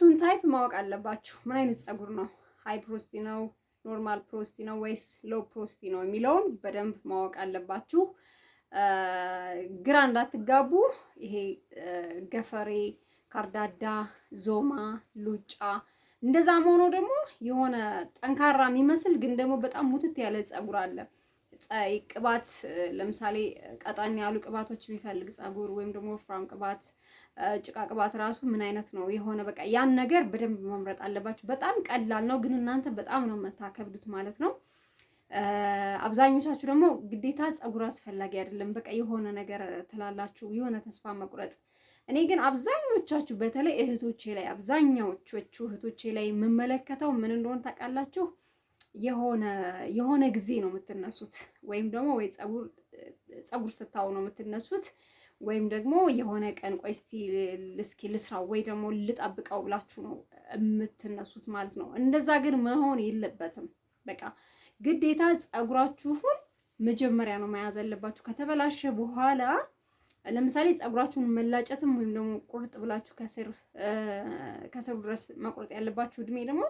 የፀጉራችሁን ታይፕ ማወቅ አለባችሁ። ምን አይነት ፀጉር ነው? ሃይ ፕሮስቲ ነው፣ ኖርማል ፕሮስቲ ነው ወይስ ሎ ፕሮስቲ ነው የሚለውን በደንብ ማወቅ አለባችሁ። ግራ እንዳትጋቡ። ይሄ ገፈሬ፣ ካርዳዳ፣ ዞማ፣ ሉጫ እንደዛ መሆኖ ደግሞ የሆነ ጠንካራ የሚመስል ግን ደግሞ በጣም ሙትት ያለ ፀጉር አለ። ቅባት ለምሳሌ ቀጠን ያሉ ቅባቶች የሚፈልግ ፀጉር ወይም ደግሞ ወፍራም ቅባት ጭቃ ቅባት ራሱ ምን አይነት ነው የሆነ በቃ ያን ነገር በደንብ መምረጥ አለባችሁ። በጣም ቀላል ነው፣ ግን እናንተ በጣም ነው የምታከብዱት ማለት ነው። አብዛኞቻችሁ ደግሞ ግዴታ ፀጉር አስፈላጊ አይደለም በቃ የሆነ ነገር ትላላችሁ፣ የሆነ ተስፋ መቁረጥ። እኔ ግን አብዛኞቻችሁ በተለይ እህቶቼ ላይ አብዛኛዎቹ እህቶቼ ላይ የምመለከተው ምን እንደሆነ ታውቃላችሁ? የሆነ የሆነ ጊዜ ነው የምትነሱት፣ ወይም ደግሞ ወይ ጸጉር ስታው ነው የምትነሱት ወይም ደግሞ የሆነ ቀን ቆይ እስቲ እስኪ ወይ ደግሞ ልጠብቀው ብላችሁ ነው የምትነሱት ማለት ነው። እንደዛ ግን መሆን የለበትም። በቃ ግዴታ ጸጉራችሁን መጀመሪያ ነው መያዝ ያለባችሁ። ከተበላሸ በኋላ ለምሳሌ ጸጉራችሁን መላጨትም ወይም ደግሞ ቁርጥ ብላችሁ ከስር ከስሩ ድረስ መቁረጥ ያለባችሁ እድሜ ደግሞ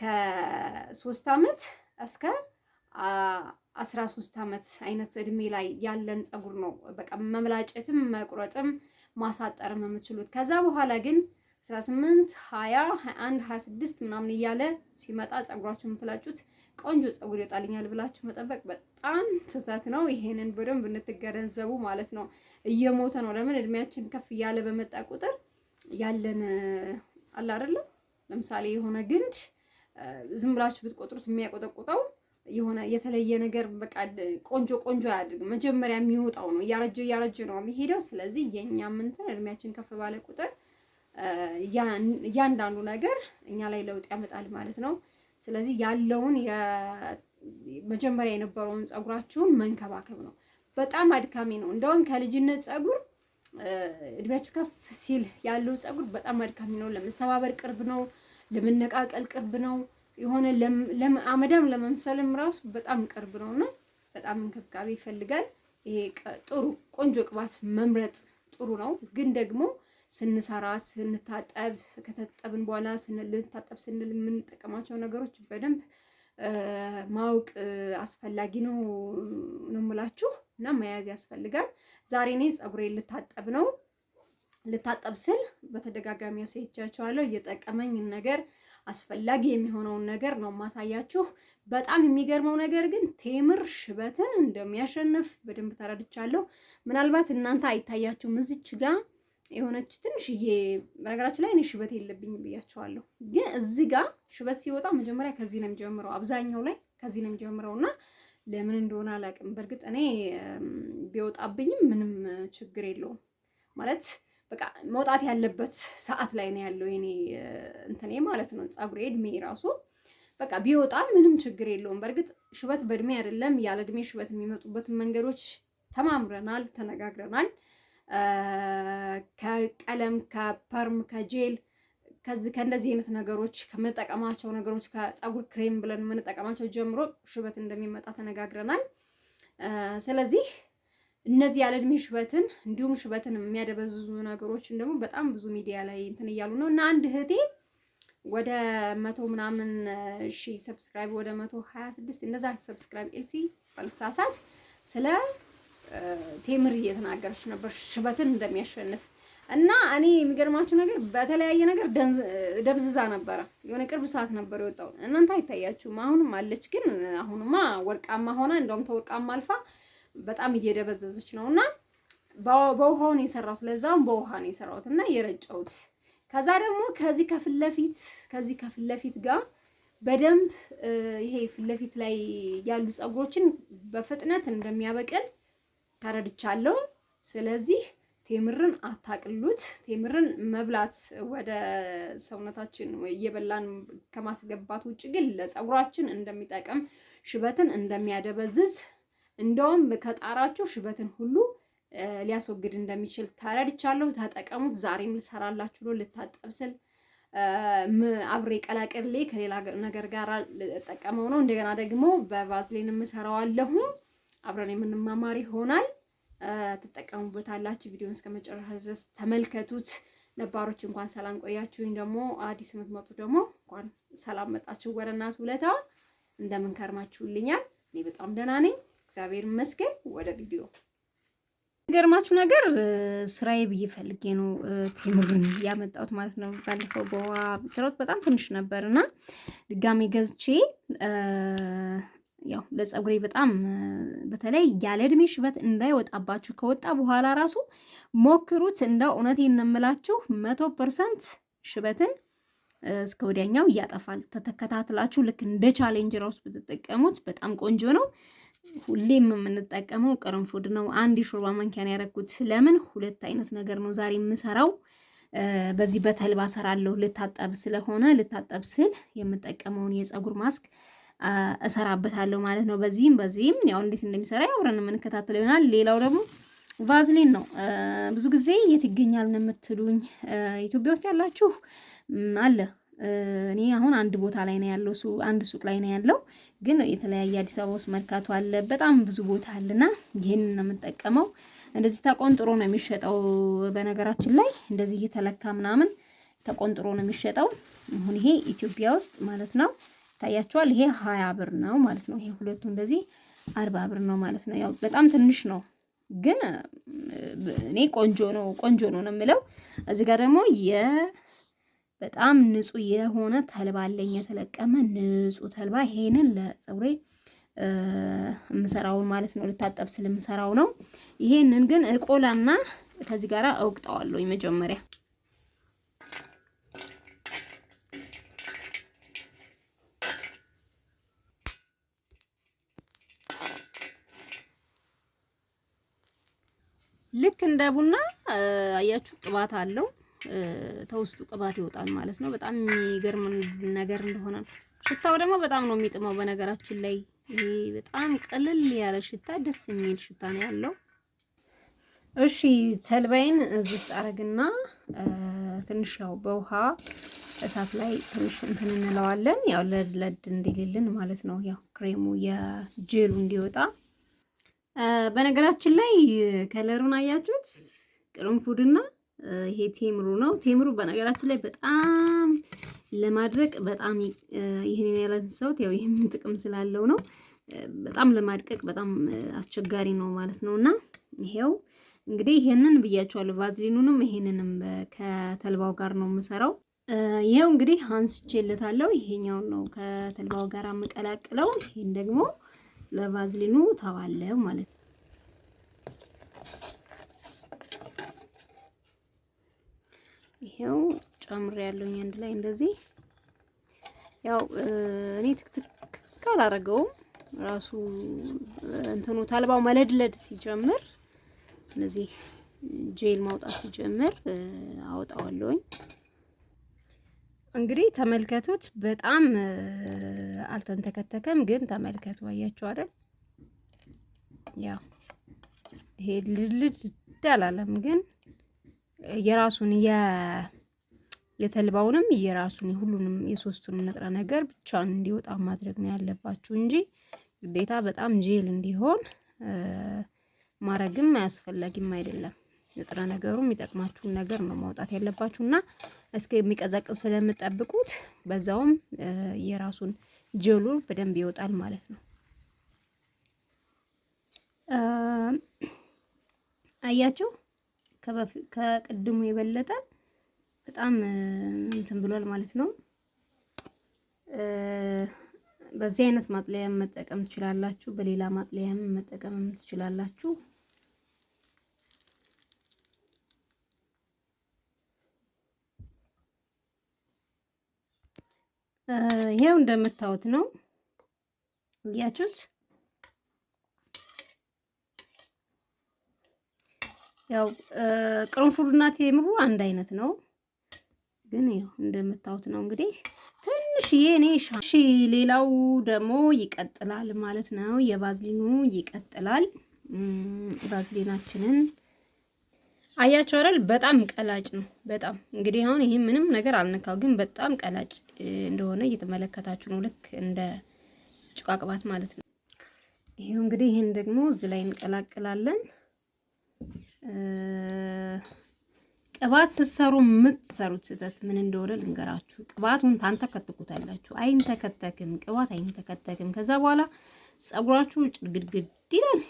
ከሶስት አመት እስከ አስራ ሶስት ዓመት አይነት እድሜ ላይ ያለን ፀጉር ነው። በቃ መምላጨትም መቁረጥም ማሳጠርም የምችሉት ከዛ በኋላ ግን 18፣ 20፣ 21፣ 26 ምናምን እያለ ሲመጣ ፀጉራችሁ የምትላጩት ቆንጆ ፀጉር ይወጣልኛል ብላችሁ መጠበቅ በጣም ስህተት ነው። ይሄንን በደንብ ብንትገነዘቡ ማለት ነው። እየሞተ ነው። ለምን እድሜያችን ከፍ እያለ በመጣ ቁጥር ያለን አለ አይደለም። ለምሳሌ የሆነ ግንድ ዝም ብላችሁ ብትቆጥሩት የሚያቆጠቁጠው የሆነ የተለየ ነገር በቃ ቆንጆ ቆንጆ አያድርግም። መጀመሪያ የሚወጣው ነው። እያረጀ እያረጀ ነው የሚሄደው። ስለዚህ የእኛ ምንትን እድሜያችን ከፍ ባለ ቁጥር እያንዳንዱ ነገር እኛ ላይ ለውጥ ያመጣል ማለት ነው። ስለዚህ ያለውን መጀመሪያ የነበረውን ጸጉራችሁን መንከባከብ ነው። በጣም አድካሚ ነው። እንደውም ከልጅነት ጸጉር እድሜያችሁ ከፍ ሲል ያለው ጸጉር በጣም አድካሚ ነው። ለመሰባበር ቅርብ ነው። ለመነቃቀል ቅርብ ነው። የሆነ አመዳም ለመምሰልም ራሱ በጣም ቅርብ እና በጣም እንክብካቤ ይፈልጋል። ይሄ ጥሩ ቆንጆ ቅባት መምረጥ ጥሩ ነው፣ ግን ደግሞ ስንሰራ ስንታጠብ፣ ከተጠብን በኋላ ልንታጠብ ስንል የምንጠቀማቸው ነገሮች በደንብ ማወቅ አስፈላጊ ነው ነው የምላችሁ እና መያዝ ያስፈልጋል። ዛሬ እኔ ጸጉሬ ልታጠብ ነው። ልታጠብ ስል በተደጋጋሚ ያሳይቻቸዋለሁ እየጠቀመኝ ነገር አስፈላጊ የሚሆነውን ነገር ነው ማሳያችሁ። በጣም የሚገርመው ነገር ግን ቴምር ሽበትን እንደሚያሸንፍ በደንብ ተረድቻለሁ። ምናልባት እናንተ አይታያችሁም እዚች ጋ የሆነች ትንሽዬ በነገራችን ላይ እኔ ሽበት የለብኝም ብያቸዋለሁ። ግን እዚህ ጋ ሽበት ሲወጣ መጀመሪያ ከዚህ ነው የሚጀምረው፣ አብዛኛው ላይ ከዚህ ነው የሚጀምረው እና ለምን እንደሆነ አላውቅም። በእርግጥ እኔ ቢወጣብኝም ምንም ችግር የለውም ማለት በቃ መውጣት ያለበት ሰዓት ላይ ነው ያለው የኔ እንትኔ ማለት ነው። ፀጉሬ እድሜ ራሱ በቃ ቢወጣ ምንም ችግር የለውም። በእርግጥ ሽበት በእድሜ አይደለም ያለ እድሜ ሽበት የሚመጡበትን መንገዶች ተማምረናል፣ ተነጋግረናል። ከቀለም ከፐርም ከጄል ከዚህ ከእንደዚህ አይነት ነገሮች ከምንጠቀማቸው ነገሮች ከፀጉር ክሬም ብለን የምንጠቀማቸው ጀምሮ ሽበት እንደሚመጣ ተነጋግረናል። ስለዚህ እነዚህ ያለ እድሜ ሽበትን እንዲሁም ሽበትን የሚያደበዝዙ ነገሮችን ደግሞ በጣም ብዙ ሚዲያ ላይ እንትን እያሉ ነው እና አንድ እህቴ ወደ መቶ ምናምን ሺ ሰብስክራይብ ወደ መቶ ሀያ ስድስት እንደዛ ሰብስክራይብ ኤልሲ ፈልሳሳት ስለ ቴምር እየተናገረች ነበር ሽበትን እንደሚያሸንፍ እና እኔ የሚገርማችሁ ነገር በተለያየ ነገር ደብዝዛ ነበረ። የሆነ ቅርብ ሰዓት ነበር የወጣው። እናንተ አይታያችሁም። አሁንም አለች፣ ግን አሁንማ ወርቃማ ሆና እንደውም ተወርቃማ አልፋ በጣም እየደበዘዘች ነው እና በውሃውን የሰራሁት። ለዛውም በውሃ ነው የሰራሁት እና የረጨሁት። ከዛ ደግሞ ከዚህ ከፊት ለፊት ከዚህ ከፊት ለፊት ጋር በደንብ ይሄ ፊት ለፊት ላይ ያሉ ፀጉሮችን በፍጥነት እንደሚያበቅል ተረድቻለሁ። ስለዚህ ቴምርን አታቅሉት። ቴምርን መብላት ወደ ሰውነታችን እየበላን ከማስገባት ውጭ ግን ለፀጉራችን እንደሚጠቅም፣ ሽበትን እንደሚያደበዝዝ እንደውም ከጣራችሁ ሽበትን ሁሉ ሊያስወግድ እንደሚችል ተረድቻለሁ። ተጠቀሙት። ዛሬም ልሰራላችሁ ነው። ልታጠብ ስል አብሬ ቀላቅሌ ከሌላ ነገር ጋር ልጠቀመው ነው። እንደገና ደግሞ በቫዝሊን የምሰራዋለሁ። አብረን የምንማማር ይሆናል። ትጠቀሙበታላችሁ። ቪዲዮን እስከ መጨረሻ ድረስ ተመልከቱት። ነባሮች እንኳን ሰላም ቆያችሁኝ። ደግሞ አዲስ የምትመጡ ደግሞ እንኳን ሰላም መጣችሁ። ወረናት ውለታ እንደምን እኔ በጣም ደህና ነኝ። እግዚአብሔር ይመስገን። ወደ ቪዲዮ ገርማችሁ ነገር ስራዬ ብዬ ፈልጌ ነው ቴምሩን ያመጣሁት ማለት ነው። ባለፈው በውሃ ስራውት በጣም ትንሽ ነበር እና ድጋሜ ገዝቼ ያው ለፀጉሬ በጣም በተለይ ያለ እድሜ ሽበት እንዳይወጣባችሁ ከወጣ በኋላ ራሱ ሞክሩት። እንደ እውነት እንምላችሁ መቶ ፐርሰንት ሽበትን እስከ ወዲያኛው እያጠፋል። ተተከታትላችሁ ልክ እንደ ቻሌንጅ ራሱ ብትጠቀሙት በጣም ቆንጆ ነው። ሁሌም የምንጠቀመው ቅርንፉድ ነው። አንድ የሾርባ ማንኪያን ያደረኩት ስለምን ሁለት አይነት ነገር ነው ዛሬ የምሰራው። በዚህ በተልባ ሰራለሁ ልታጠብ ስለሆነ ልታጠብ ስል የምጠቀመውን የፀጉር ማስክ እሰራበታለሁ ማለት ነው። በዚህም በዚህም ያው እንዴት እንደሚሰራ አብረን የምንከታተለው ይሆናል። ሌላው ደግሞ ቫዝሊን ነው። ብዙ ጊዜ የት ይገኛል ነው የምትሉኝ። ኢትዮጵያ ውስጥ ያላችሁ አለ እኔ አሁን አንድ ቦታ ላይ ነው ያለው፣ አንድ ሱቅ ላይ ነው ያለው። ግን የተለያየ አዲስ አበባ ውስጥ መርካቶ አለ፣ በጣም ብዙ ቦታ አለና ይህንን ነው የምንጠቀመው። እንደዚህ ተቆንጥሮ ነው የሚሸጠው። በነገራችን ላይ እንደዚህ እየተለካ ምናምን ተቆንጥሮ ነው የሚሸጠው። አሁን ይሄ ኢትዮጵያ ውስጥ ማለት ነው ይታያቸዋል። ይሄ ሀያ ብር ነው ማለት ነው። ይሄ ሁለቱ እንደዚህ አርባ ብር ነው ማለት ነው። ያው በጣም ትንሽ ነው ግን እኔ ቆንጆ ነው ቆንጆ ነው ነው የምለው። እዚህ ጋር ደግሞ የ በጣም ንጹህ የሆነ ተልባ አለኝ የተለቀመ ንጹህ ተልባ። ይሄንን ለፀጉሬ የምሰራውን ማለት ነው ልታጠብ ስለምሰራው ነው። ይሄንን ግን እቆላና ከዚህ ጋር እውቅጠዋለሁ መጀመሪያ ልክ እንደ ቡና አያችሁ ቅባት አለው። ተውስጡ ቅባት ይወጣል ማለት ነው። በጣም የሚገርም ነገር እንደሆነ ሽታው ደግሞ በጣም ነው የሚጥመው። በነገራችን ላይ ይሄ በጣም ቅልል ያለ ሽታ፣ ደስ የሚል ሽታ ነው ያለው። እሺ ተልባይን እዚህ ውስጥ አረግና ትንሽ ያው በውሃ እሳት ላይ ትንሽ እንትን እንለዋለን። ያው ለድ ለድ እንዲልልን ማለት ነው። ያው ክሬሙ የጄሉ እንዲወጣ። በነገራችን ላይ ከለሩን አያችሁት? ቅርንፉድና ይሄ ቴምሩ ነው። ቴምሩ በነገራችን ላይ በጣም ለማድረቅ በጣም ይህንን ያላነሳሁት ያው ይህም ጥቅም ስላለው ነው። በጣም ለማድቀቅ በጣም አስቸጋሪ ነው ማለት ነው። እና ይሄው እንግዲህ ይሄንን ብያቸዋለሁ። ቫዝሊኑንም ይሄንንም ከተልባው ጋር ነው የምሰራው። ይሄው እንግዲህ አንስቼለታለሁ። ይሄኛውን ነው ከተልባው ጋር የምቀላቅለው። ይሄን ደግሞ ለቫዝሊኑ ተባለው ማለት ነው። ይሄው ጨምር ያለውኝ አንድ ላይ እንደዚህ ያው እኔ ትክትክ አላረገውም። ራሱ እንትኑ ተልባው መለድለድ ሲጀምር እንደዚህ ጄል ማውጣት ሲጀምር አወጣዋለሁኝ። እንግዲህ ተመልከቱት። በጣም አልተንተከተከም፣ ግን ተመልከቱ። አያችሁ አይደል? ያው ይሄ ልልድ አላለም ግን የራሱን የተልባውንም የራሱን የሁሉንም የሶስቱን ንጥረ ነገር ብቻን እንዲወጣ ማድረግ ነው ያለባችሁ እንጂ ግዴታ በጣም ጄል እንዲሆን ማድረግም አያስፈላጊም አይደለም። ንጥረ ነገሩ የሚጠቅማችሁን ነገር ነው ማውጣት ያለባችሁ እና እስኪ የሚቀዘቅዝ ስለምጠብቁት በዛውም የራሱን ጀሉ በደንብ ይወጣል ማለት ነው። አያችሁ። ከቅድሙ የበለጠ በጣም እንትን ብሏል ማለት ነው። በዚህ አይነት ማጥለያም መጠቀም ትችላላችሁ። በሌላ ማጥለያም መጠቀም ትችላላችሁ። ይሄው እንደምታዩት ነው እያችሁት ያው ቅርንፉድና ቴምሩ አንድ አይነት ነው፣ ግን ያው እንደምታዩት ነው እንግዲህ ትንሽዬ እኔ እሺ። ሌላው ደግሞ ይቀጥላል ማለት ነው፣ የባዝሊኑ ይቀጥላል። ባዝሊናችንን አያቸው አይደል? በጣም ቀላጭ ነው። በጣም እንግዲህ አሁን ይህ ምንም ነገር አልነካው፣ ግን በጣም ቀላጭ እንደሆነ እየተመለከታችሁ ነው። ልክ እንደ ጭቃ ቅባት ማለት ነው። ይሄው እንግዲህ ይህን ደግሞ እዚህ ላይ እንቀላቅላለን። ቅባት ስትሰሩ የምትሰሩት ስህተት ምን እንደሆነ ልንገራችሁ። ቅባቱን ታንተከትኩታላችሁ። አይንተከተክም፣ ቅባት አይንተከተክም። ከዛ በኋላ ጸጉራችሁ ጭድግድግድ ይላል።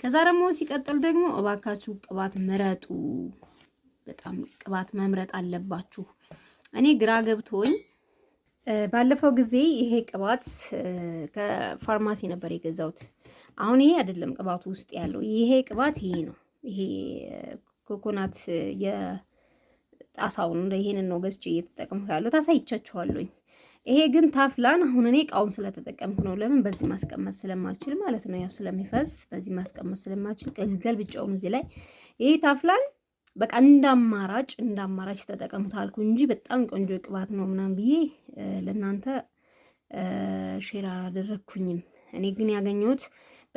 ከዛ ደግሞ ሲቀጥል ደግሞ እባካችሁ ቅባት ምረጡ። በጣም ቅባት መምረጥ አለባችሁ። እኔ ግራ ገብቶኝ ባለፈው ጊዜ ይሄ ቅባት ከፋርማሲ ነበር የገዛሁት። አሁን ይሄ አይደለም ቅባቱ ውስጥ ያለው ይሄ ቅባት ይሄ ነው ይሄ ኮኮናት የጣሳውን ይሄንን ነው ገዝቼ እየተጠቀምኩ ያለው አሳይቻችኋለሁኝ። ይሄ ግን ታፍላን አሁን እኔ እቃውን ስለተጠቀምኩ ነው። ለምን በዚህ ማስቀመጥ ስለማልችል ማለት ነው። ያው ስለሚፈዝ በዚህ ማስቀመጥ ስለማልችል ገልብጬውን እዚህ ላይ ይሄ ታፍላን በቃ እንዳማራጭ እንዳማራጭ እንደ ተጠቀሙት አልኩ እንጂ በጣም ቆንጆ ቅባት ነው ምናምን ብዬ ለእናንተ ሼር አላደረግኩኝም። እኔ ግን ያገኘሁት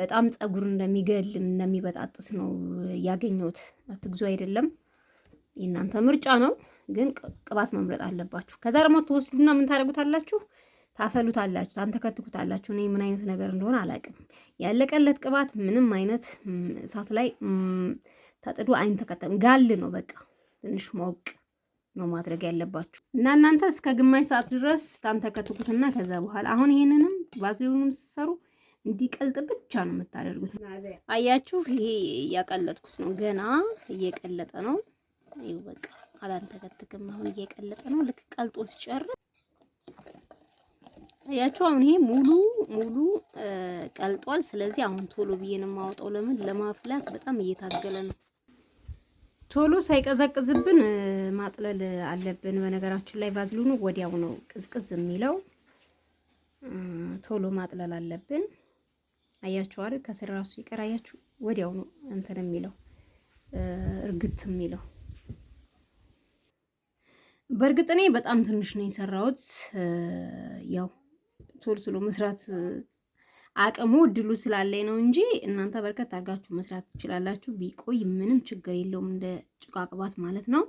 በጣም ጸጉር እንደሚገል እንደሚበጣጥስ ነው ያገኘሁት። አትግዙ አይደለም የእናንተ ምርጫ ነው፣ ግን ቅባት መምረጥ አለባችሁ። ከዛ ደግሞ ትወስዱና ምን ታደርጉታላችሁ? ታፈሉታላችሁ፣ ታንተከትኩታላችሁ። እኔ ምን አይነት ነገር እንደሆነ አላውቅም። ያለቀለት ቅባት ምንም አይነት እሳት ላይ ተጥዶ አይንተከተም፣ ጋል ነው በቃ። ትንሽ ሞቅ ነው ማድረግ ያለባችሁ እና እናንተ እስከ ግማሽ ሰዓት ድረስ ታንተከትኩትና ከዛ በኋላ አሁን ይህንንም ባዝሊኑንም ስትሰሩ እንዲቀልጥ ብቻ ነው የምታደርጉት። አያችሁ፣ ይሄ እያቀለጥኩት ነው፣ ገና እየቀለጠ ነው። ይኸው በቃ አላንተከትክም። አሁን እየቀለጠ ነው። ልክ ቀልጦ ሲጨርስ አያችሁ፣ አሁን ይሄ ሙሉ ሙሉ ቀልጧል። ስለዚህ አሁን ቶሎ ብዬ ነው የማወጣው። ለምን ለማፍላት በጣም እየታገለ ነው። ቶሎ ሳይቀዘቅዝብን ማጥለል አለብን። በነገራችን ላይ ቫዝሊኑ ወዲያው ነው ቅዝቅዝ የሚለው። ቶሎ ማጥለል አለብን። አያችሁ አይደል? ከስር ራሱ ይቀር አያችሁ። ወዲያው ነው እንትን የሚለው እርግት የሚለው። በእርግጥ እኔ በጣም ትንሽ ነው የሰራሁት። ያው ቶሎ ቶሎ መስራት አቅሙ እድሉ ስላለኝ ነው እንጂ እናንተ በርከት አድርጋችሁ መስራት ትችላላችሁ። ቢቆይ ምንም ችግር የለውም። እንደ ጭቃ ቅባት ማለት ነው።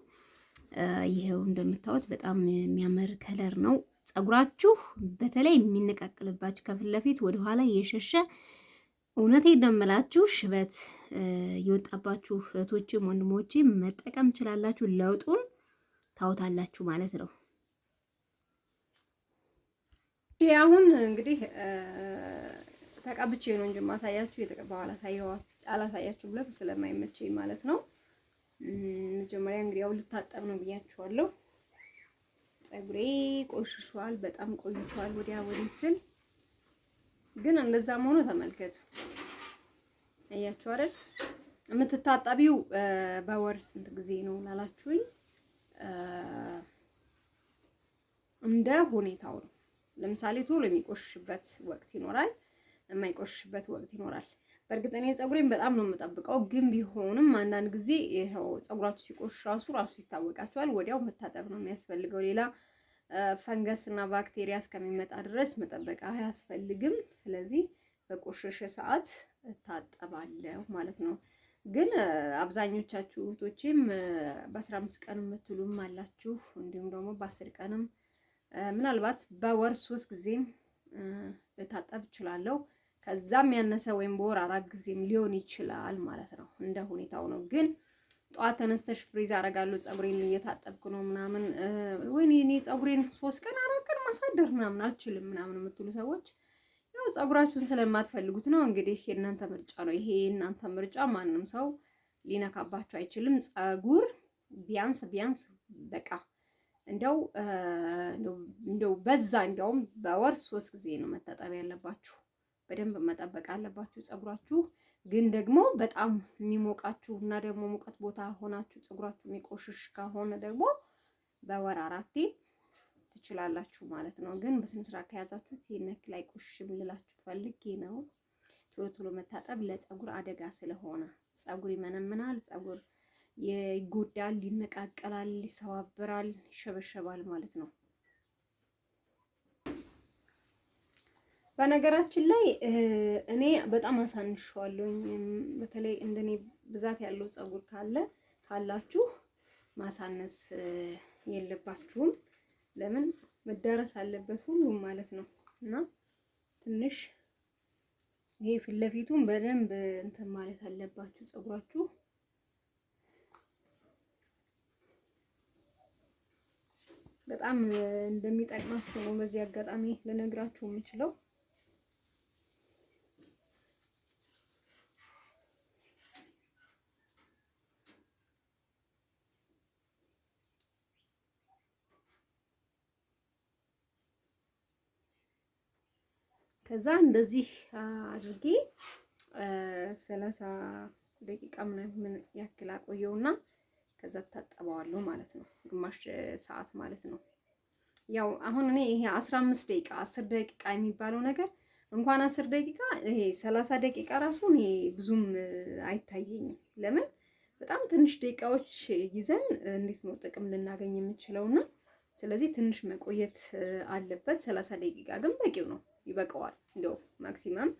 ይሄው እንደምታዩት በጣም የሚያምር ከለር ነው። ጸጉራችሁ በተለይ የሚነቃቅልባችሁ ከፊት ለፊት ወደኋላ የሸሸ እውነቴ ነው ሽበት የወጣባችሁ እህቶችም ወንድሞችም መጠቀም ትችላላችሁ። ለውጡን ታውታላችሁ ማለት ነው። ይህ አሁን እንግዲህ ተቀብቼ ነው እንጂ ማሳያችሁ የተቀባው አላሳያችሁ ብለ ስለማይመቸኝ ማለት ነው። መጀመሪያ እንግዲህ ያው ልታጠብ ነው ብያችኋለሁ። ፀጉሬ ቆሽሿል፣ በጣም ቆይቷል ወዲያ ወዲህ ስል ግን እንደዛም ሆኖ ተመልከቱ። እያችሁ አይደል የምትታጠቢው በወር ስንት ጊዜ ነው ላላችሁኝ፣ እንደ ሁኔታው ነው። ለምሳሌ ቶሎ የሚቆሽበት ወቅት ይኖራል፣ የማይቆሽበት ወቅት ይኖራል። በእርግጥ እኔ ፀጉሬን በጣም ነው የምጠብቀው፣ ግን ቢሆንም አንዳንድ ጊዜ ይኸው ፀጉራችሁ ሲቆሽ ራሱ ራሱ ይታወቃችኋል። ወዲያው መታጠብ ነው የሚያስፈልገው ሌላ ፈንገስ እና ባክቴሪያ እስከሚመጣ ድረስ መጠበቅ አያስፈልግም። ስለዚህ በቆሸሸ ሰዓት እታጠባለሁ ማለት ነው። ግን አብዛኞቻችሁ እህቶቼም በ15 ቀን የምትሉም አላችሁ፣ እንዲሁም ደግሞ በ ቀንም ምናልባት በወር ሶስት ጊዜም ልታጠብ እችላለሁ። ከዛም ያነሰ ወይም በወር አራት ጊዜም ሊሆን ይችላል ማለት ነው። እንደ ሁኔታው ነው ግን ጠዋት ተነስተሽ ፍሪዝ አረጋለሁ ፀጉሬን እየታጠብኩ ነው ምናምን፣ ወይ እኔ ፀጉሬን ሶስት ቀን አራት ቀን ማሳደር ምናምን አልችልም ምናምን የምትሉ ሰዎች ያው ፀጉራችሁን ስለማትፈልጉት ነው። እንግዲህ የእናንተ ምርጫ ነው። ይሄ የእናንተ ምርጫ ማንም ሰው ሊነካባችሁ አይችልም። ፀጉር ቢያንስ ቢያንስ በቃ እንደው እንደው በዛ እንደውም በወር ሶስት ጊዜ ነው መታጠብ ያለባችሁ። በደንብ መጠበቅ አለባችሁ ፀጉራችሁ ግን ደግሞ በጣም የሚሞቃችሁ እና ደግሞ ሙቀት ቦታ ሆናችሁ ፀጉራችሁ የሚቆሽሽ ከሆነ ደግሞ በወር አራቴ ትችላላችሁ ማለት ነው። ግን በስነ ስርዓት ከያዛችሁት ይህን ያክል አይቆሽሽም ልላችሁ ፈልጌ ነው። ቶሎ ቶሎ መታጠብ ለፀጉር አደጋ ስለሆነ ፀጉር ይመነምናል፣ ፀጉር ይጎዳል፣ ይነቃቀላል፣ ይሰባብራል፣ ይሸበሸባል ማለት ነው። በነገራችን ላይ እኔ በጣም አሳንሸዋለሁኝ። በተለይ እንደኔ ብዛት ያለው ፀጉር ካለ ካላችሁ ማሳነስ የለባችሁም። ለምን መዳረስ አለበት ሁሉም ማለት ነው። እና ትንሽ ይሄ ፊት ለፊቱም በደንብ እንትን ማለት አለባችሁ ፀጉራችሁ በጣም እንደሚጠቅማችሁ ነው በዚህ አጋጣሚ ልነግራችሁ የምችለው። ከዛ እንደዚህ አድርጌ ሰላሳ ደቂቃ ምናምን ያክል አቆየውና ከዛ ታጠበዋለሁ ማለት ነው። ግማሽ ሰዓት ማለት ነው። ያው አሁን እኔ ይሄ አምስት ደቂቃ 10 ደቂቃ የሚባለው ነገር እንኳን አስር ደቂቃ ይሄ ሰላሳ ደቂቃ ራሱ እኔ ብዙም አይታየኝም። ለምን በጣም ትንሽ ደቂቃዎች ይዘን እንዴት ነው ጥቅም ልናገኝ የምንችለውና ስለዚህ ትንሽ መቆየት አለበት። ሰላሳ ደቂቃ ግን በቂው ነው። ይበቃዋል። እንደው ማክሲመም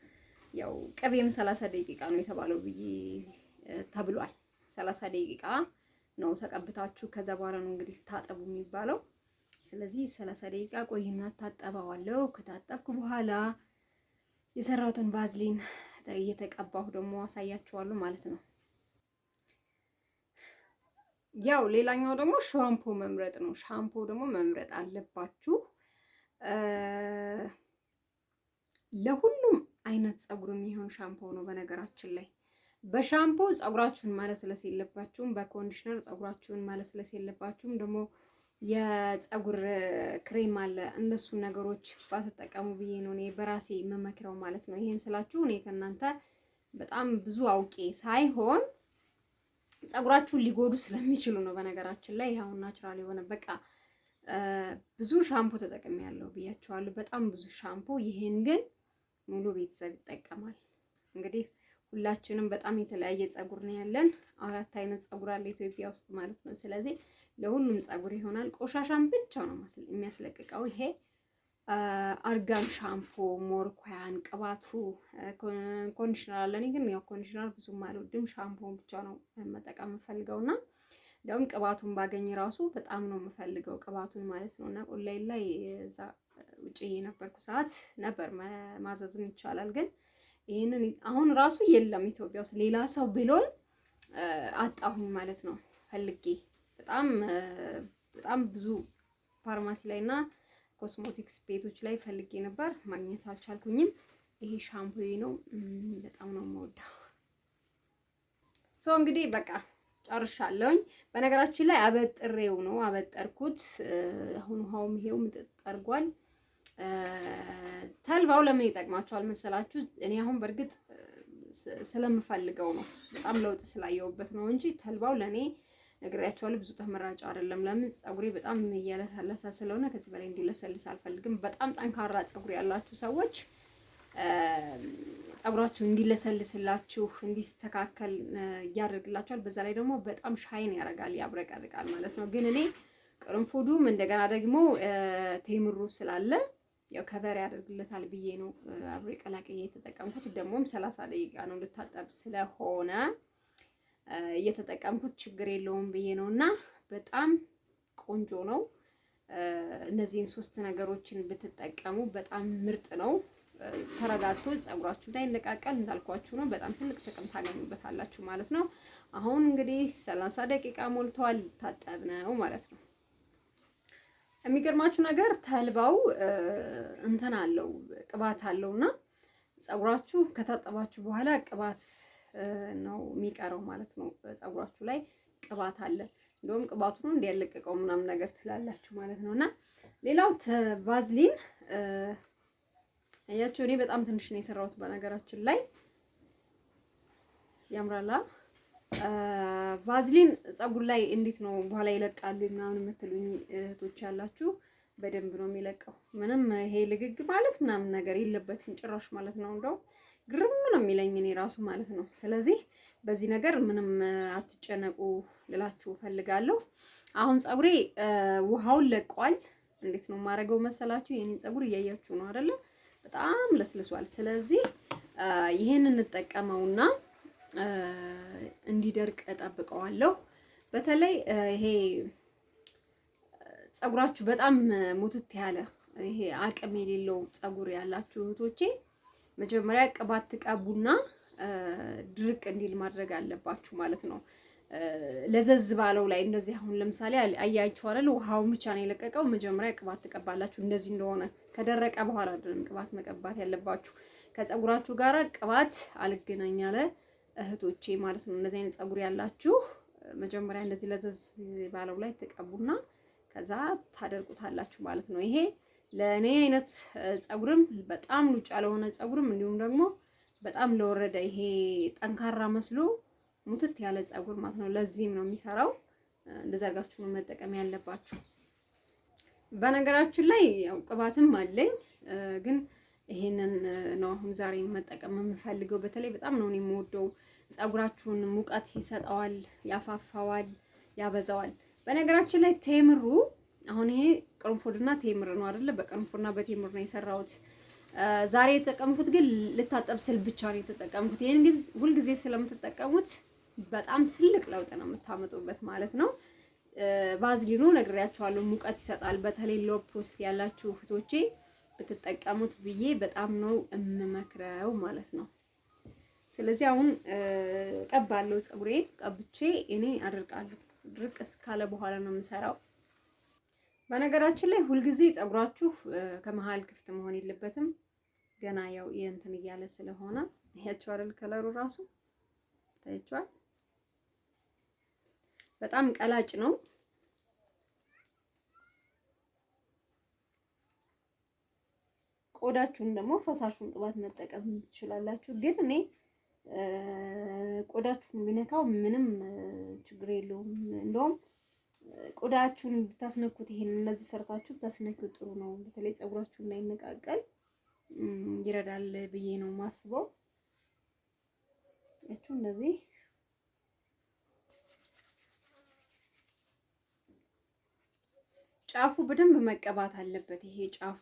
ያው ቅቤም ሰላሳ ደቂቃ ነው የተባለው ብዬ ተብሏል። ሰላሳ ደቂቃ ነው ተቀብታችሁ፣ ከዛ በኋላ ነው እንግዲህ ታጠቡ የሚባለው። ስለዚህ ሰላሳ ደቂቃ ቆይና ታጠባዋለሁ። ከታጠብኩ በኋላ የሰራሁትን ቫዝሊን እየተቀባሁ ደግሞ አሳያችኋለሁ ማለት ነው። ያው ሌላኛው ደግሞ ሻምፖ መምረጥ ነው። ሻምፖ ደግሞ መምረጥ አለባችሁ። ለሁሉም አይነት ፀጉር የሚሆን ሻምፖ ነው። በነገራችን ላይ በሻምፖ ፀጉራችሁን ማለስለስ የለባችሁም። በኮንዲሽነር ፀጉራችሁን ማለስለስ የለባችሁም። ደግሞ የፀጉር ክሬም አለ። እነሱን ነገሮች ባትጠቀሙ ብዬ ነው እኔ በራሴ መመክረው ማለት ነው። ይሄን ስላችሁ እኔ ከእናንተ በጣም ብዙ አውቄ ሳይሆን ፀጉራችሁን ሊጎዱ ስለሚችሉ ነው። በነገራችን ላይ ይሄው ናቹራል የሆነ በቃ ብዙ ሻምፖ ተጠቅሜያለሁ ብያችኋለሁ። በጣም ብዙ ሻምፖ ይሄን ግን ሙሉ ቤተሰብ ይጠቀማል። እንግዲህ ሁላችንም በጣም የተለያየ ፀጉር ነው ያለን። አራት አይነት ፀጉር አለ ኢትዮጵያ ውስጥ ማለት ነው። ስለዚህ ለሁሉም ፀጉር ይሆናል። ቆሻሻን ብቻ ነው የሚያስለቅቀው። ይሄ አርጋን ሻምፖ፣ ሞርኳያን፣ ቅባቱ፣ ኮንዲሽነር አለን። ግን ያው ኮንዲሽነር ብዙም አልወድም። ሻምፖ ብቻ ነው መጠቀም የምፈልገውና እንዲያውም ቅባቱን ባገኝ ራሱ በጣም ነው የምፈልገው ቅባቱን ማለት ነው እና ኦንላይን ላይ እዛ ውጭ የነበርኩ ሰዓት ነበር ማዘዝም ይቻላል። ግን ይህንን አሁን ራሱ የለም ኢትዮጵያ ውስጥ ሌላ ሰው ብሎን አጣሁኝ ማለት ነው። ፈልጌ በጣም በጣም ብዙ ፋርማሲ ላይ እና ኮስሞቲክስ ቤቶች ላይ ፈልጌ ነበር፣ ማግኘት አልቻልኩኝም። ይሄ ሻምፖ ነው፣ በጣም ነው የምወደው። ሰው እንግዲህ በቃ ጨርሻለሁኝ። በነገራችን ላይ አበጥሬው ነው አበጠርኩት። አሁን ውሃውም ይሄው ምጥጥ አድርጓል። ተልባው ለምን ይጠቅማቸዋል መሰላችሁ? እኔ አሁን በእርግጥ ስለምፈልገው ነው፣ በጣም ለውጥ ስላየውበት ነው እንጂ ተልባው ለእኔ ነግሬያቸዋለሁ፣ ብዙ ተመራጭ አይደለም። ለምን ፀጉሬ በጣም እየለሰለሰ ስለሆነ ከዚህ በላይ እንዲለሰልስ አልፈልግም። በጣም ጠንካራ ፀጉር ያላችሁ ሰዎች ፀጉራችሁ እንዲለሰልስላችሁ እንዲስተካከል ያደርግላችኋል። በዛ ላይ ደግሞ በጣም ሻይን ያደርጋል፣ ያብረቀርቃል ማለት ነው። ግን እኔ ቅርንፉዱም እንደገና ደግሞ ቴምሩ ስላለ ያው ከበር ያደርግለታል ብዬ ነው አብሬ ቀላቅዬ የተጠቀምኩት። ደግሞም ሰላሳ ደቂቃ ነው ልታጠብ ስለሆነ እየተጠቀምኩት ችግር የለውም ብዬ ነው እና በጣም ቆንጆ ነው። እነዚህን ሶስት ነገሮችን ብትጠቀሙ በጣም ምርጥ ነው። ተረዳድቶ ጸጉራችሁ እንዳይነቃቀል እንዳልኳችሁ ነው። በጣም ትልቅ ጥቅም ታገኙበታላችሁ ማለት ነው። አሁን እንግዲህ ሰላሳ ደቂቃ ሞልተዋል። ልታጠብ ነው ማለት ነው። የሚገርማችሁ ነገር ተልባው እንትን አለው ቅባት አለው እና ፀጉራችሁ ከታጠባችሁ በኋላ ቅባት ነው የሚቀረው ማለት ነው። ፀጉራችሁ ላይ ቅባት አለ። እንደውም ቅባቱን እንዲያለቀቀው ምናምን ነገር ትላላችሁ ማለት ነው። እና ሌላው ቫዝሊን እያቸው እኔ በጣም ትንሽ ነው የሰራሁት በነገራችን ላይ ያምራላ ቫዝሊን ጸጉር ላይ እንዴት ነው በኋላ ይለቃሉ ምናምን የምትሉኝ እህቶች ያላችሁ በደንብ ነው የሚለቀው። ምንም ይሄ ልግግ ማለት ምናምን ነገር የለበትም ጭራሽ ማለት ነው። እንደው ግርም ነው የሚለኝ እኔ ራሱ ማለት ነው። ስለዚህ በዚህ ነገር ምንም አትጨነቁ ልላችሁ ፈልጋለሁ አሁን ጸጉሬ ውሃውን ለቋል። እንዴት ነው የማደርገው መሰላችሁ? የኔን ጸጉር እያያችሁ ነው አይደለ? በጣም ለስልሷል። ስለዚህ ይህን እንጠቀመውና እንዲደርቅ እጠብቀዋለሁ። በተለይ ይሄ ጸጉራችሁ በጣም ሙትት ያለ ይሄ አቅም የሌለው ጸጉር ያላችሁ እህቶቼ መጀመሪያ ቅባት ትቀቡና ድርቅ እንዲል ማድረግ አለባችሁ ማለት ነው። ለዘዝ ባለው ላይ እንደዚህ አሁን ለምሳሌ አያችሁ አይደል? ውሃውን ብቻ ነው የለቀቀው። መጀመሪያ ቅባት ትቀባላችሁ እንደዚህ እንደሆነ ከደረቀ በኋላ ቅባት መቀባት ያለባችሁ። ከጸጉራችሁ ጋር ቅባት አልገናኛለ እህቶቼ ማለት ነው። እንደዚህ አይነት ፀጉር ያላችሁ መጀመሪያ እንደዚህ ለዘዝ ባለው ላይ ተቀቡና ከዛ ታደርቁታላችሁ ማለት ነው። ይሄ ለእኔ አይነት ፀጉርም በጣም ሉጫ ለሆነ ፀጉርም እንዲሁም ደግሞ በጣም ለወረደ ይሄ ጠንካራ መስሎ ሙትት ያለ ፀጉር ማለት ነው። ለዚህም ነው የሚሰራው። እንደዛ ነው መጠቀም ያለባችሁ። በነገራችን ላይ ያው ቅባትም አለኝ ግን ይሄንን ነው አሁን ዛሬ መጠቀም የምፈልገው። በተለይ በጣም ነው የምወደው። ፀጉራችሁን ሙቀት ይሰጠዋል፣ ያፋፋዋል፣ ያበዛዋል። በነገራችን ላይ ቴምሩ አሁን ይሄ ቅርንፉድና ቴምር ነው አይደለ? በቅርንፉድና በቴምር ነው የሰራሁት። ዛሬ የተጠቀምኩት ግን ልታጠብ ስል ብቻ ነው የተጠቀምኩት። ይሄን ግን ሁልጊዜ ስለምትጠቀሙት በጣም ትልቅ ለውጥ ነው የምታመጡበት ማለት ነው። ቫዝሊኑ ነግሬያቸዋለሁ፣ ሙቀት ይሰጣል። በተለይ ሎፕ ውስጥ ያላችሁ እህቶቼ ብትጠቀሙት ብዬ በጣም ነው የምመክረው ማለት ነው። ስለዚህ አሁን ቀባለው ፀጉሬ ቀብቼ እኔ አድርቃለሁ። ድርቅ እስካለ በኋላ ነው የምሰራው። በነገራችን ላይ ሁልጊዜ ፀጉራችሁ ከመሀል ክፍት መሆን የለበትም። ገና ያው እንትን እያለ ስለሆነ ያቸው አይደል ከለሩ ራሱ ታይቷል። በጣም ቀላጭ ነው። ቆዳችሁን ደግሞ ፈሳሹን ቅባት መጠቀም ትችላላችሁ። ግን እኔ ቆዳችሁን ቢነካው ምንም ችግር የለውም። እንደውም ቆዳችሁን ብታስነኩት ይሄን እነዚህ ሰርታችሁ ብታስነኩት ጥሩ ነው። በተለይ ፀጉራችሁ እንዳይነቃቀል ይረዳል ብዬ ነው ማስበው። ያችሁ እንደዚህ ጫፉ በደንብ መቀባት አለበት። ይሄ ጫፉ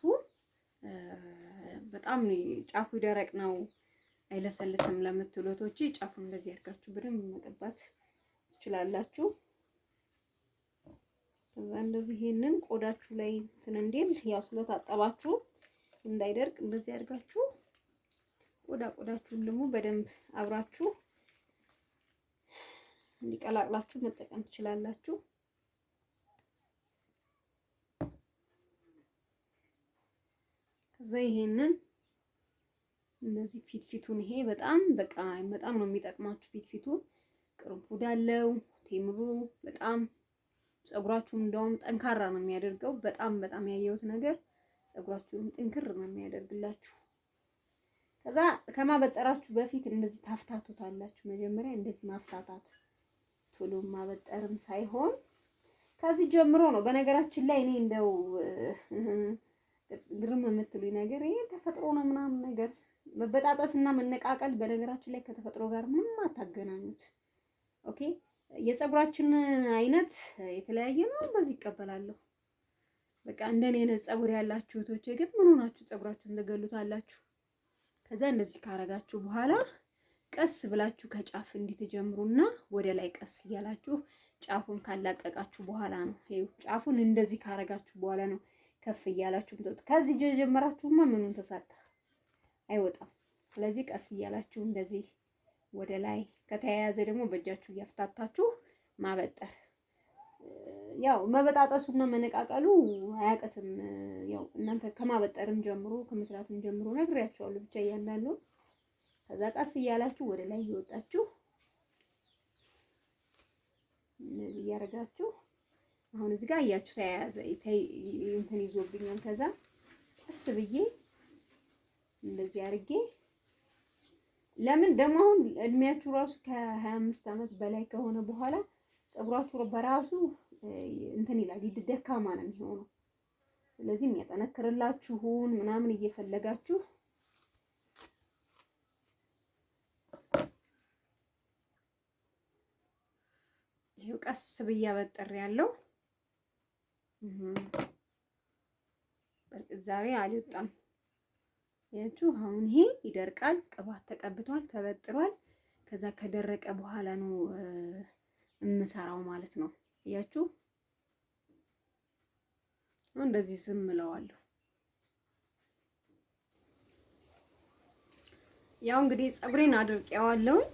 በጣም ጫፉ ደረቅ ነው አይለሰልስም ለምትሉ እህቶቼ ጫፉን እንደዚህ አድርጋችሁ በደንብ መቀባት ትችላላችሁ። ከዛ እንደዚህ ይሄንን ቆዳችሁ ላይ እንትን እንዲል ያው ስለታጠባችሁ እንዳይደርቅ እንደዚህ አድርጋችሁ ቆዳ ቆዳችሁን ደግሞ በደንብ አብራችሁ እንዲቀላቅላችሁ መጠቀም ትችላላችሁ። ከዛ ይሄንን እነዚህ ፊት ይሄ በጣም በቃ በጣም ነው የሚጠቅማችሁ። ፊት ፊቱ ቅርንፉድ አለው ቴምሩ በጣም ፀጉራችሁን እንደውም ጠንካራ ነው የሚያደርገው። በጣም በጣም ያየሁት ነገር ፀጉራችሁን ጥንክር ነው የሚያደርግላችሁ። ከዛ ከማበጠራችሁ በፊት እንደዚህ ታፍታቱታላችሁ። መጀመሪያ እንደዚህ ማፍታታት ቶሎ ማበጠርም ሳይሆን ከዚህ ጀምሮ ነው። በነገራችን ላይ እኔ እንደው ግርም የምትሉኝ ነገር ይሄ ተፈጥሮ ነው ምናምን ነገር መበጣጠስ እና መነቃቀል በነገራችን ላይ ከተፈጥሮ ጋር ምንም አታገናኙት። ኦኬ የፀጉራችን አይነት የተለያየ ነው። በዚህ ይቀበላለሁ። በቃ እንደኔ አይነት ፀጉር ያላችሁ እህቶቼ ግን ምን ሆናችሁ ፀጉራችሁን ትገሉታላችሁ። ከዛ እንደዚህ ካረጋችሁ በኋላ ቀስ ብላችሁ ከጫፍ እንዲትጀምሩና ወደ ላይ ቀስ እያላችሁ ጫፉን ካላቀቃችሁ በኋላ ነው። ይኸው ጫፉን እንደዚህ ካረጋችሁ በኋላ ነው ከፍ እያላችሁ ምትወጡ። ከዚህ ጀመራችሁማ ምኑን ተሳካ አይወጣም። ስለዚህ ቀስ እያላችሁ እንደዚህ ወደ ላይ ከተያያዘ ደግሞ በእጃችሁ እያፍታታችሁ ማበጠር። ያው መበጣጠሱና መነቃቀሉ አያቀትም። ያው እናንተ ከማበጠርም ጀምሮ ከመስራትም ጀምሮ ነግሬያችኋለሁ። ብቻ እያንዳንዱ ከዛ ቀስ እያላችሁ ወደ ላይ እየወጣችሁ እያደረጋችሁ አሁን እዚህ ጋር አያችሁ ተያያዘ እንትን ይዞብኛል። ከዛ ቀስ ብዬ እንደዚህ አድርጌ ለምን ደግሞ አሁን እድሜያችሁ ራሱ ከ25 ዓመት በላይ ከሆነ በኋላ ፀጉራችሁ በራሱ እንትን ይላል ደካማ ነው የሚሆነው። ስለዚህ የሚያጠነክርላችሁን ምናምን እየፈለጋችሁ ይሄው ቀስ ብዬ አበጥሬ ያለው በእርግጥ ዛሬ አልወጣም። ያችሁ አሁን ይሄ ይደርቃል። ቅባት ተቀብቷል፣ ተበጥሯል። ከዛ ከደረቀ በኋላ ነው የምሰራው ማለት ነው። ያችሁ እንደዚህ ዝም እለዋለሁ። ያው እንግዲህ ፀጉሬን አድርቄዋለሁኝ።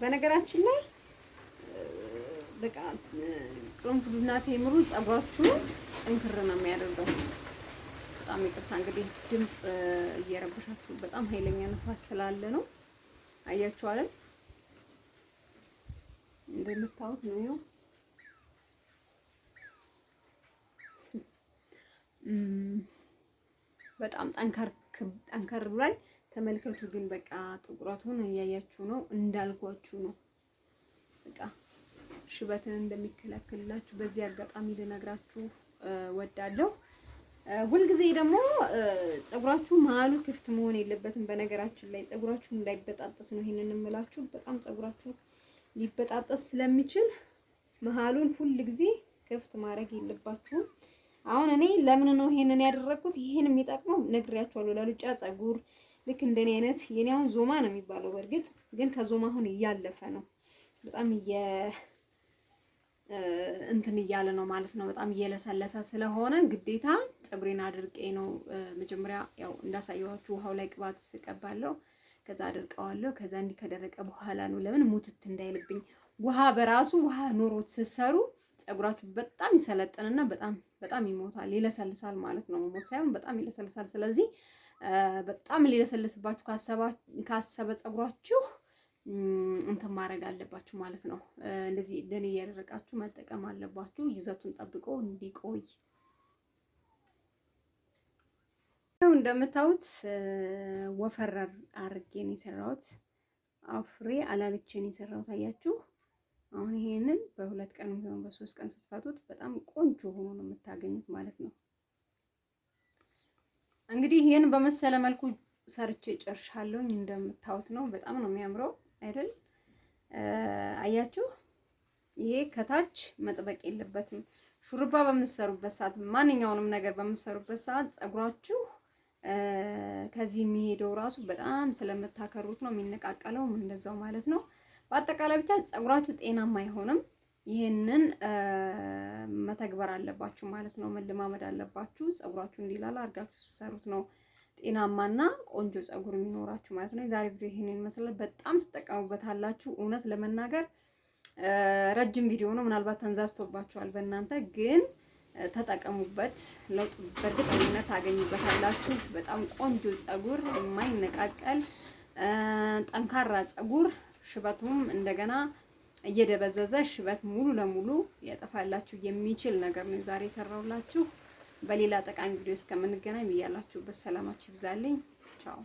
በነገራችን ላይ በቃ ቅርንፉድና ቴምሩ ጸጉራችሁ ጥንክር ነው የሚያደርገው። በጣም ይቅርታ እንግዲህ ድምፅ እየረበሻችሁ፣ በጣም ኃይለኛ ነፋስ ስላለ ነው። አያችሁ አይደል? እንደምታዩት ነው። ይኸው በጣም ጠንከር ጠንከር ብሏል። ተመልከቱ ግን በቃ ጥቁረቱን እያያችሁ ነው። እንዳልኳችሁ ነው። ሽበትን እንደሚከላከልላችሁ በዚህ አጋጣሚ ልነግራችሁ ወዳለሁ። ሁልጊዜ ደግሞ ፀጉራችሁ መሀሉ ክፍት መሆን የለበትም። በነገራችን ላይ ጸጉራችሁ እንዳይበጣጠስ ነው ይሄንን እንምላችሁ። በጣም ፀጉራችሁ ሊበጣጠስ ስለሚችል መሀሉን ሁልጊዜ ክፍት ማድረግ የለባችሁም። አሁን እኔ ለምን ነው ይሄንን ያደረኩት? ይሄን የሚጠቅመው ነግሬያችኋለሁ። ለሉጫ ፀጉር ልክ እንደኔ አይነት የኔ አሁን ዞማ ነው የሚባለው። በእርግጥ ግን ከዞማ አሁን እያለፈ ነው በጣም እንትን እያለ ነው ማለት ነው። በጣም እየለሰለሰ ስለሆነ ግዴታ ፀጉሬን አድርቄ ነው መጀመሪያ ያው እንዳሳየኋችሁ ውሃው ላይ ቅባት ቀባለሁ፣ ከዛ አድርቀዋለሁ። ከዛ እንዲህ ከደረቀ በኋላ ነው ለምን ሙትት እንዳይልብኝ። ውሃ በራሱ ውሃ ኖሮት ስሰሩ ፀጉራችሁ በጣም ይሰለጥንና በጣም በጣም ይሞታል፣ ይለሰልሳል ማለት ነው። ሞት ሳይሆን በጣም ይለሰልሳል። ስለዚህ በጣም ሊለሰልስባችሁ ካሰበ ፀጉራችሁ እንትን ማድረግ አለባችሁ ማለት ነው። እንደዚህ ደን እያደረቃችሁ መጠቀም አለባችሁ። ይዘቱን ጠብቆ እንዲቆይ ነው። እንደምታዩት ወፈረር አድርጌ ነው የሰራሁት። አፍሬ አላልቼ ነው የሰራሁት። አያችሁ። አሁን ይሄንን በሁለት ቀን ቢሆን በሶስት ቀን ስትፈቱት በጣም ቆንጆ ሆኖ ነው የምታገኙት ማለት ነው። እንግዲህ ይህን በመሰለ መልኩ ሰርቼ ጨርሻለሁኝ። እንደምታዩት ነው። በጣም ነው የሚያምረው። አይደል? አያችሁ፣ ይሄ ከታች መጥበቅ የለበትም። ሹርባ በምትሰሩበት ሰዓት፣ ማንኛውንም ነገር በምትሰሩበት ሰዓት ጸጉራችሁ ከዚህ የሚሄደው ራሱ በጣም ስለምታከሩት ነው የሚነቃቀለው፣ እንደዛው ማለት ነው። በአጠቃላይ ብቻ ጸጉራችሁ ጤናማ አይሆንም። ይህንን መተግበር አለባችሁ ማለት ነው። መለማመድ አለባችሁ። ጸጉራችሁ እንዲላላ አድርጋችሁ ሲሰሩት ነው ጤናማና ቆንጆ ፀጉር የሚኖራችሁ ማለት ነው። የዛሬ ቪዲዮ ይህንን ይመስላል። በጣም ትጠቀሙበታላችሁ። እውነት ለመናገር ረጅም ቪዲዮ ነው። ምናልባት ተንዛዝቶባችኋል። በእናንተ ግን ተጠቀሙበት። ለውጥ በእርግጠኝነት ታገኙበታላችሁ። በጣም ቆንጆ ፀጉር፣ የማይነቃቀል ጠንካራ ፀጉር፣ ሽበቱም እንደገና እየደበዘዘ ሽበት ሙሉ ለሙሉ ያጠፋላችሁ የሚችል ነገር ነው ዛሬ የሰራሁላችሁ። በሌላ ጠቃሚ ቪዲዮ እስከምንገናኝ ብያላችሁበት ሰላማችሁ ይብዛልኝ። ቻው